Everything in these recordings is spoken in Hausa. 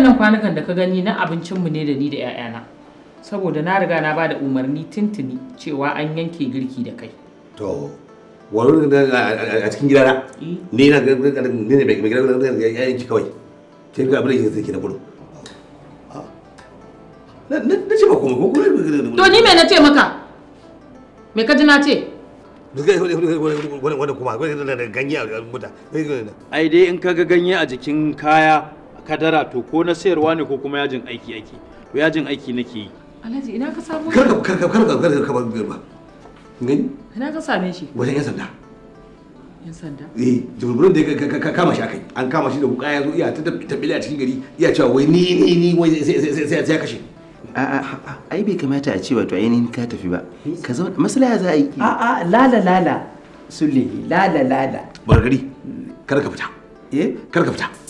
waɗannan kwanukan da ka gani na abincinmu ne da ni da 'ya'yana saboda na riga na ba da umarni tintini cewa an yanke girki da kai to wani a cikin gidana eh. ne na ne ne mai ya yanki kawai ga abin da yake na gudu ah. na ce ko kuma to ni me na ce maka me ka ji na ce kuma ganye a ai dai in ganye a jikin kaya kadara to ko na sayarwa ne ko kuma yajin aiki ake to yajin aiki nake yi alhaji ina ka samu kar ka kar ka kar ka ba garba gani ina ka same shi wajen yan sanda yan sanda eh jibrin da ka kama shi akai an kama shi da wuka ya zo iya ta tabbila a cikin gari iya cewa wai ni ni ni wai sai sai sai kashe a ai bai kamata a ce wato ainihin ka tafi ba ka zauna maslaha za a yi a a lala lala sulle lala lala bargari kar ka fita eh kar ka fita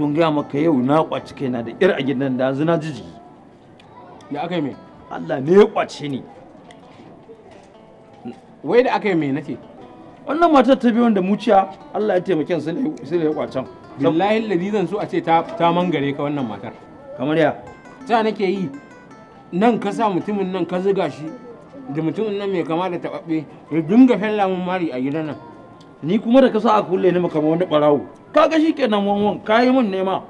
tun gaya maka yau na kwaci na da ir a gidan da yanzu na ji jiki da aka yi mai Allah ne ya kwace ni wai da aka yi mai nake wannan matar ta biyu wanda muciya Allah ya taimake su ne su ne kwacen billahi ladi zan so a ce ta ta mangare ka wannan matar kamar ya ta nake yi nan ka sa mutumin nan ka zuga shi da mutumin nan mai kama da taɓaɓɓe ya dinga fella mun mari a gidan nan ni kuma da ka sa a kulle ni maka wani ɓarawo kaga shi nan wanwan kayi mun nema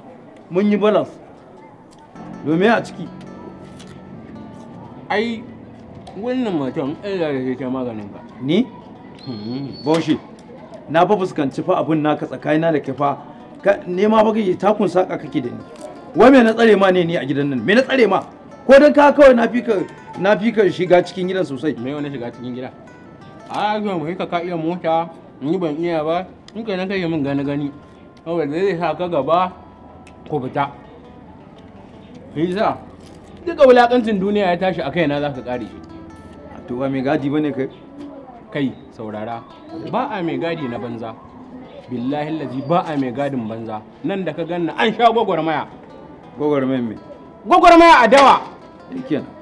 mun yi balance domin a ciki ai wannan matan Allah ya ta maganin ka ni hmm. baushi na fa fuskanci fa abun naka tsakanina da ke fa nema ba kake takun saka kake da ni wai me na tsare ma ne ni a gidan nan me na tsare ma ko dan ka kawai na fika na fika shiga cikin gidan sosai me wani shiga cikin gida a ga mu ka iya mota ni ban iya ba in kai na kai min gani gani wanda zai sa ka gaba ko fita shi sa duka wulakancin duniya ya tashi a kaina za ka kare shi to ba mai gadi bane kai kai saurara ba a mai gadi na banza billahi lazi ba a mai gadin banza nan da ka ganna an sha gwagwarmaya gwagwarmaya me gwagwarmaya a dawa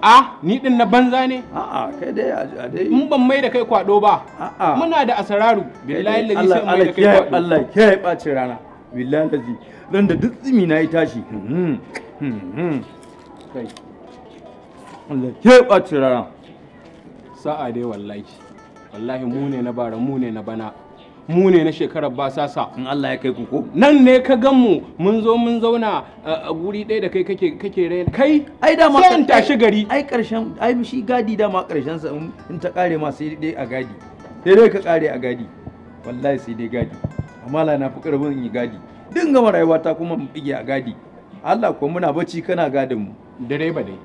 a ni din na banza ne a'a kai dai a dai mun ban mai da kai kwado ba muna da asararu billahi lazi sai mai da kai kwado Allah ya bacin rana billahi lazi ran da duk na yi tashi hmm, hmm, hmm, kai Allah ke ɓaci rana sa'a dai wallahi wallahi mu ne na bara mu ne na bana mu ne na shekarar basasa in Allah ya kai ku ko nan ne ka gan mu mun zo mun zauna a guri ɗaya da kai kake kake raina kai ai da ma tashi gari ai karshen ai shi gadi da ma karshen sa in ta kare ma sai dai a gadi sai dai ka kare a gadi wallahi sai dai gadi mala na fi karfin yi gadi din gama rayuwa ta kuma mu bige a gadi Allah ko muna bacci kana gadin mu direba dai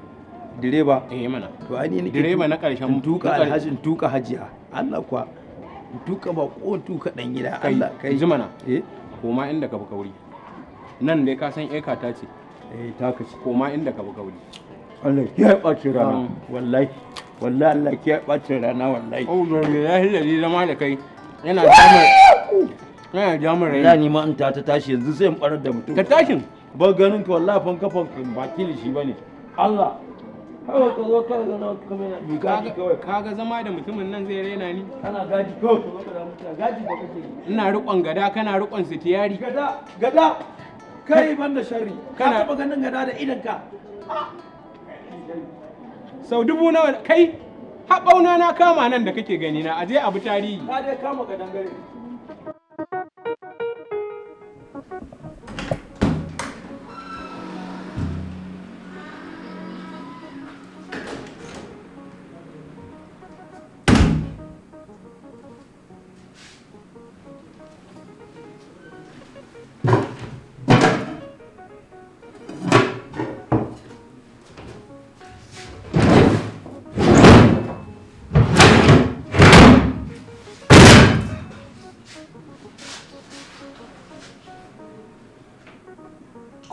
direba eh mana to ai ne direba na karshen mu. tuka alhaji tuka hajiya Allah kuwa tuka ba ko tuka dan gida Allah kai mana eh koma inda ka bi kauri nan dai ka san eka ta ce eh taka ce koma inda ka bi kauri Allah ya bace rana wallahi wallahi Allah ya bace rana wallahi oh zai ya hilali zama da kai yana samun A ja mu ma ta tashi yanzu sai in barar da mutum. Ka tashin. Ba ganin ka wallahi kafan ba kilishi bane. Allah. Kawai zama da mutumin nan zai raina ni. Kana riƙon gada kana riƙon sitiyari. Gada kai ban da sharri. Kana taɓa ganin gada da idanka. Ah. Sau dubu nawa kai haɓauna na kama nan da kake gani na aje abu tarihi. Ka dai kama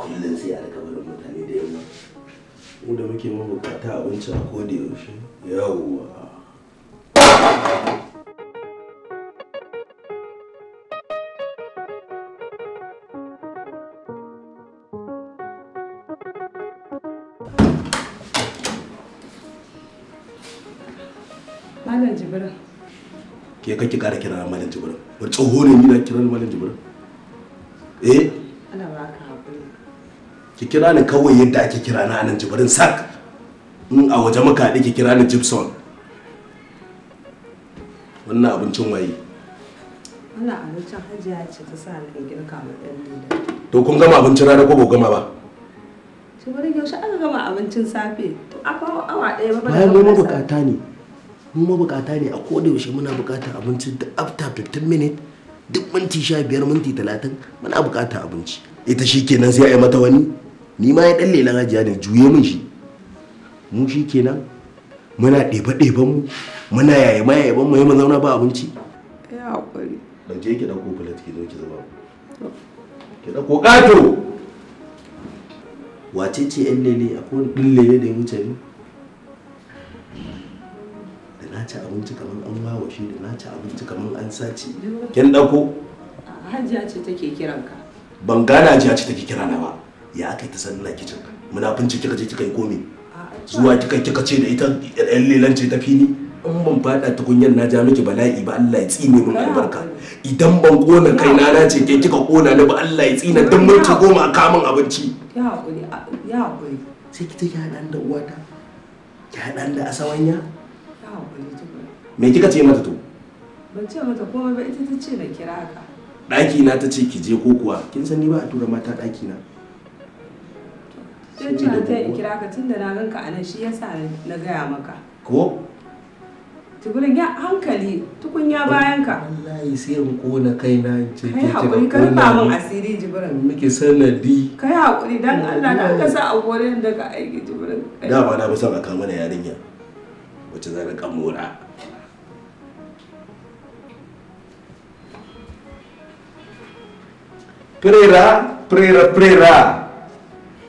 kullum sai a rika barin mutane da yamma mu da muke mabukata abinci a koda yaushe yawwa Malam Jibrin. Ke kake kara kira Malam Jibrin? Ba tsoho ne ni na kira Malam Jibrin? Eh, ki kira ni kawai yadda ake kira na anan jibirin sak in a waje muka ki kira ni gibson wannan abincin waye wannan abincin hajiya ce ta sa na girka ma ɗan leda to kun gama abincin rana ko ba gama ba jibirin yaushe aka gama abincin safe to a kawo awa ɗaya ba bayan mu bukata ne mu ma bukata ne a koda yaushe muna bukatar abinci da after 15 minutes duk minti sha biyar minti talatin muna bukatar abinci ita shi kenan sai a yi mata wani ni ma ya dan na hajiya ne juye min shi mu shi kenan muna ɗeba ɗeban mu muna yaye ma yaye mu mu zauna ba abinci ban hakuri dan je ki dauko bullet ki zo ki zuba ki dauko gato wace ce yan lele akwai wani ɗin lele da ya wuce ne da na ci abinci kamar an shi da na ci abinci kamar an sace kin dauko hajiya ce take kiranka ban gane hajiya ce take kirana ba ya aka yi ta san ina muna munafunci kika je kika yi komi zuwa kika kika ce da ita yan lelan ce ta fini in ban fada tukunyar na ja miki bala'i ba Allah ya tsine min albarka idan ban kona kai na na ce ke kika kona ni ba Allah ya tsina dan mun ci goma kamun abinci ya hakuri ya hakuri sai ki ya dan da uwata ya dan da asawanya ya hakuri me kika ce mata to ban ce mata komai ba ita ta ce na kira ka daki na ta ce ki je ko kuwa kin san ni ba a tura mata daki na Tun can ta kira ka tun da na ganka a nan shi ya sa na gaya maka. Ko? Tukurin ya hankali tukunya bayan ka. Wallahi sai in kona kaina in ce ke kira kona. Kai haƙuri karfa asiri jibirin. Muke sanadi. Kai hakuri dan Allah da aka sa a gore da ka aiki jibirin. Da ba na fi son a kama na yarinya. Wacce za ka mora. Prera, prera, prera.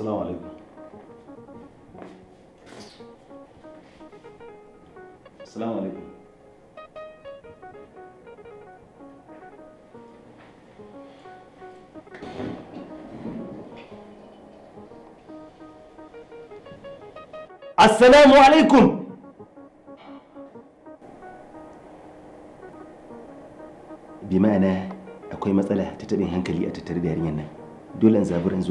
assalamu alaikum assalamu alaikum assalamu bi ma'ana akwai matsala ta taɓin hankali a tattare da yarinyar nan dole in zaburan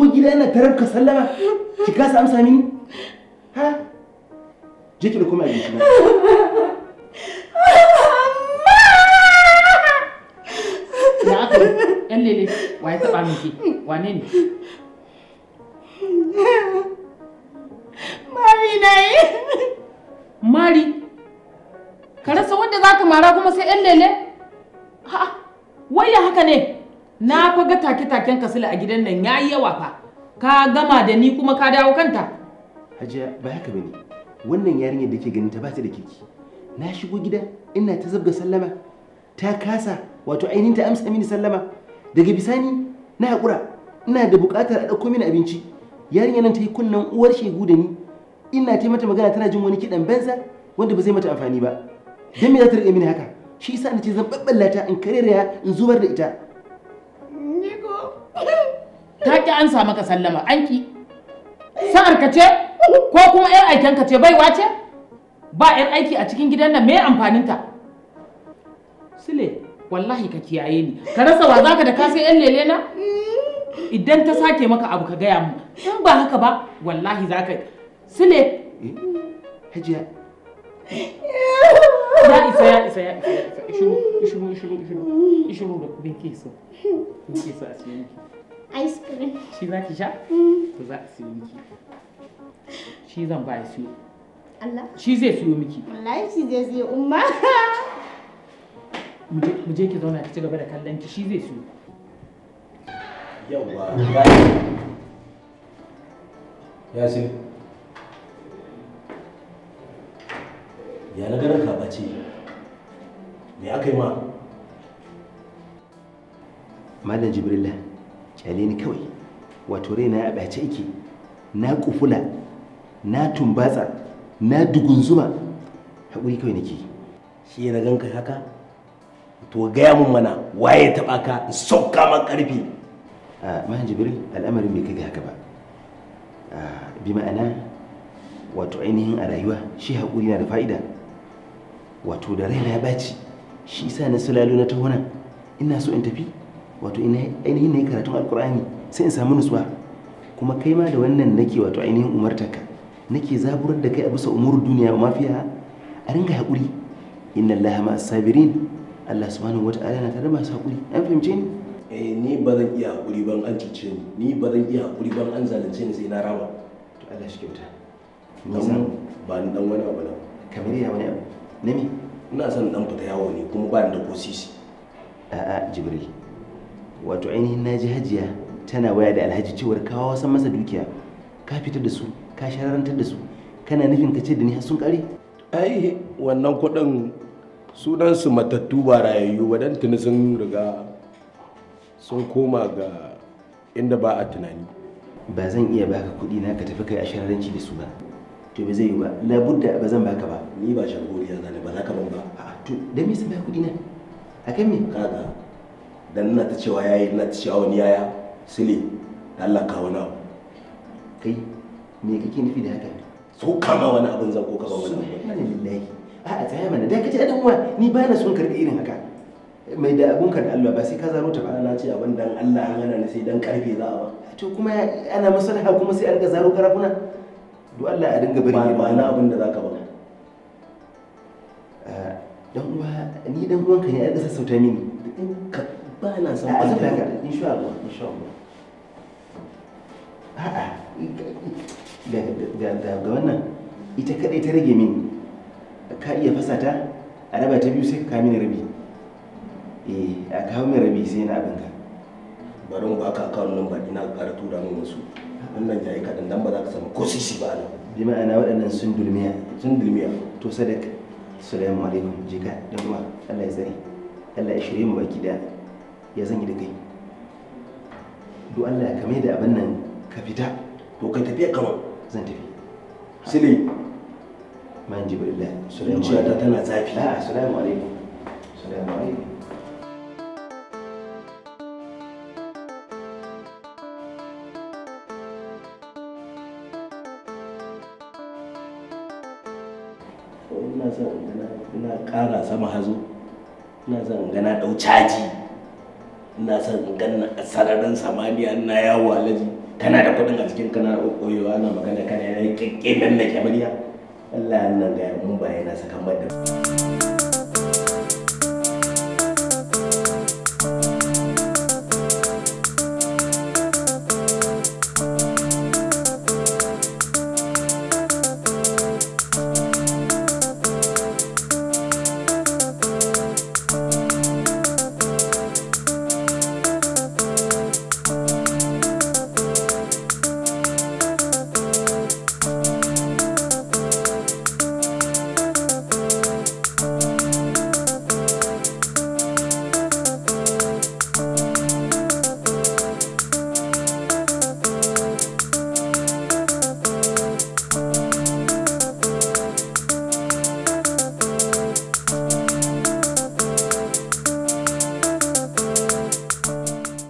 shigo gida yana tarar ka sallama ki kasa amsa mini ha je ki da kuma abinci amma ya aka yan lele wa ya taba miki wane ne mari na mari ka rasa wanda zaka mara kuma sai yan lele ha wai ya haka ne na fa ga take-taken kasila a gidan nan yayi yawa fa ka gama da ni kuma ka dawo kanta hajiya ba haka bane wannan yarinyar da ke ganin ta ba ta da kirki na shigo gidan ina ta zabga sallama ta kasa wato ainihin ta amsa mini sallama daga bisani na haƙura ina da buƙatar a ɗauko mini abinci yarinyar nan ta yi kunnen uwar shegu da ni ina ta mata magana tana jin wani kiɗan banza wanda ba zai mata amfani ba dan me za ta riƙe mini haka shi yasa na ce zan babballa ta in karerya in zubar da ita ta ki an sa maka sallama an ki sa'ar ka ce ko kuma yar aiken ka ce baiwa ce ba yar aiki a cikin gidan nan me amfanin ta sile wallahi ka kiyaye ni ka rasa wa zaka da ka sai yan lele na idan ta sake maka abu ka gaya mu in ba haka ba wallahi zaka sile eh, hajiya ya isa ya isa ya isa ya isa ishiru ishiru ishiru ishiru ishiru da me ke so me ke so a siyo miki ice cream shi za ki sha mm. to za a siyo miki shi zan ba ya Allah shi zai siyo miki wallahi shi zai siyo umma mu je ki zauna ki ci gaba da kallon ki shi zai siyo yawwa ya siyo ya na ganin ka bace me aka yi ma malam jibrila kyale ni kawai wato raina ya bace yake na kufula na tumbatsa na dugunzuma haƙuri kawai nake shi na ganka haka to gaya mun mana waye taɓa ka in sauka man ƙarfi a jibril al'amarin bai kai ga haka ba bi ma'ana wato ainihin a rayuwa shi hakuri na da fa'ida wato da raina ya baci shi sa na sulalo na taho nan ina so in tafi wato ina ainihin ne karatun alkur'ani sai in samu nutsuwa kuma kai ma da wannan nake wato ainihin umartarka nake zaburar da kai a bisa umur duniya mafiya a ringa haƙuri inna allaha ma sabirin allah subhanahu wata'ala na tare masu haƙuri an fahimce ni eh ni ba zan iya haƙuri ban an cuce ni ni ba zan iya haƙuri ban an zalunce ni sai na rama to allah shi kyauta ba ni dan wani abu na kamar ya wani abu Nemi? Ina son dan fita yawo ne kuma ba ni da ko sisi. A'a Jibril. Wato ainihin ji hajiya tana waya da alhaji cewar kawo san masa dukiya. Ka fitar da su, ka shararantar da su. Kana nufin ka ce da ni har sun kare? Ai wannan kuɗin sunan su matattu ba rayayyu ba dan tuni sun riga sun koma ga inda ba a tunani. Ba zan iya baka kuɗi na ka tafi kai a shararanci da su ba. To ba zai yi ba, labudda ba zan baka ba. ni ba shagoriya za ne ba za ka ban ba a to da me sai kuɗi ne a kan me kaga dan na ta cewa yayi na ta cewa wani yaya sile da Allah ka wani abu kai me kake nufi da haka so kama wani abin zan ko ka ba wani abu subhanallahi a a tsaya mana dai kace da uwa ni ba na son karɓi irin haka mai da abun ka da Allah ba sai ka zaro ta ba na ce abin dan Allah an hana ni sai dan karfe za a ba to kuma ana maslaha kuma sai a ga zaro karafuna do Allah ya dinga bari ba na abin da zaka ba dan uwa ni dan uwanka ne ai ka sassauta mini ka ba na son ba zan ka insha Allah insha Allah a'a ga ga wannan ita kadai ta rage mini ka iya fasa ta a raba ta biyu sai ka mini rabi eh a kawo min rabi sai na abinka bari mu baka akawun nan ba ina ƙara tura min wasu wannan ya yi kaɗan dan ba za ka samu ko sisi ba nan bi ma'ana waɗannan sun dulmiya sun dulmiya to sadaka salamu alaikum jika don uwa Allah ya tsare Allah ya shirye mu baki da ya zanyi da kai duk Allah ya kame da abin nan ka fita ko kai tafiya kawai zan tafi sile man jibril Allah salamu alaikum tana zafi a'a salamu alaikum salamu alaikum son ƙara sama hazo ina son ga na ɗau caji ina son in a sararin samaniya ina yawo alaji kana da kuɗin a cikin kana koyewa ana magana kana yana ɗan na kyamariya Allah ya nan ga ba yana sakan da